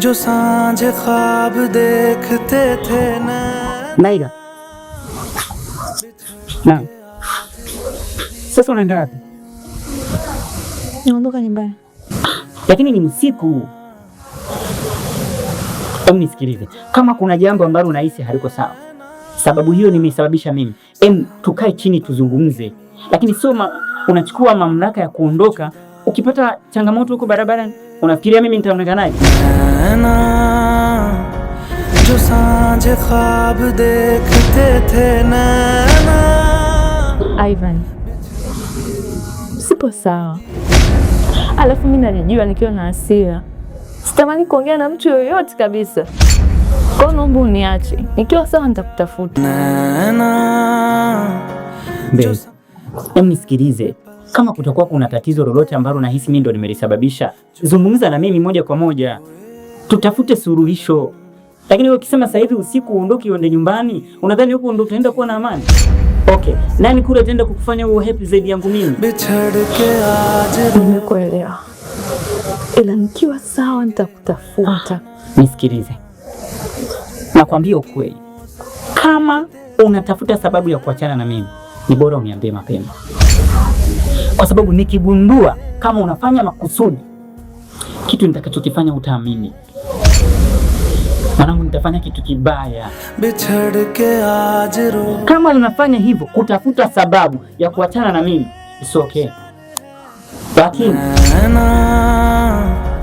जो सांझ ख्वाब देखते थे नहीं का ना sasa unaenda wapi? Naondoka nyumbani. Lakini ni msiku Em, nisikilize, kama kuna jambo ambalo unahisi haliko sawa, sababu hiyo nimesababisha mimi. Em, tukae chini tuzungumze, lakini sio unachukua mamlaka ya kuondoka ukipata changamoto huko barabarani. Unafikiria mimi nitaonekanaje? Ivan, sipo sawa, alafu mimi najijua nikiwa na hasira, sitamani kuongea na mtu yoyote kabisa. Kwa naomba uniache, nikiwa sawa nitakutafuta. Nisikilize. Kama kutakuwa kuna tatizo lolote ambalo nahisi mimi ndo nimelisababisha, zungumza na mimi moja kwa moja, tutafute suluhisho. Lakini wewe ukisema sasa hivi usiku uondoke uende nyumbani, unadhani huko ndo utaenda kuwa na amani? Okay, nani kule ataenda kukufanya uwe happy zaidi yangu mimi? Nimekuelewa, ila nikiwa sawa nitakutafuta. Ah, nisikilize, nakwambia ukweli, kama unatafuta sababu ya kuachana na mimi ni bora uniambie mapema kwa sababu nikigundua kama unafanya makusudi, kitu nitakachokifanya utaamini. Mwanangu, nitafanya kitu kibaya. Kama unafanya hivyo kutafuta sababu ya kuachana na mimi, it's okay, lakini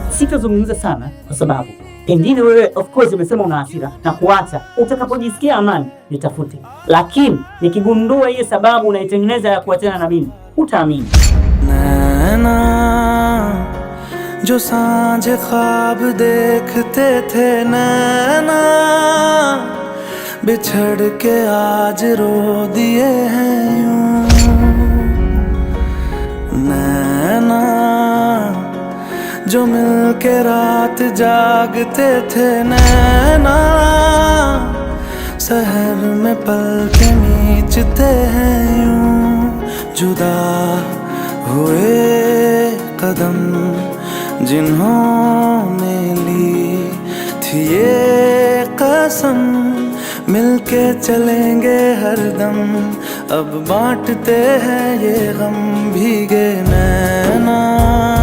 sitazungumza sana, kwa sababu pengine wewe of course umesema una hasira na kuacha. Utakapojisikia amani nitafute, lakini nikigundua hiyo sababu unaitengeneza ya kuachana na mimi उठामी नैना जो सांझे ख्वाब देखते थे नैना बिछड़ के आज रो दिए हैं नैना जो मिल के रात जागते थे नैना शहर में पल के नीचते हैं यूं जुदा हुए कदम जिन्होंने ली थी ये कसम मिलके चलेंगे हरदम अब बांटते हैं ये गम भीगे नैना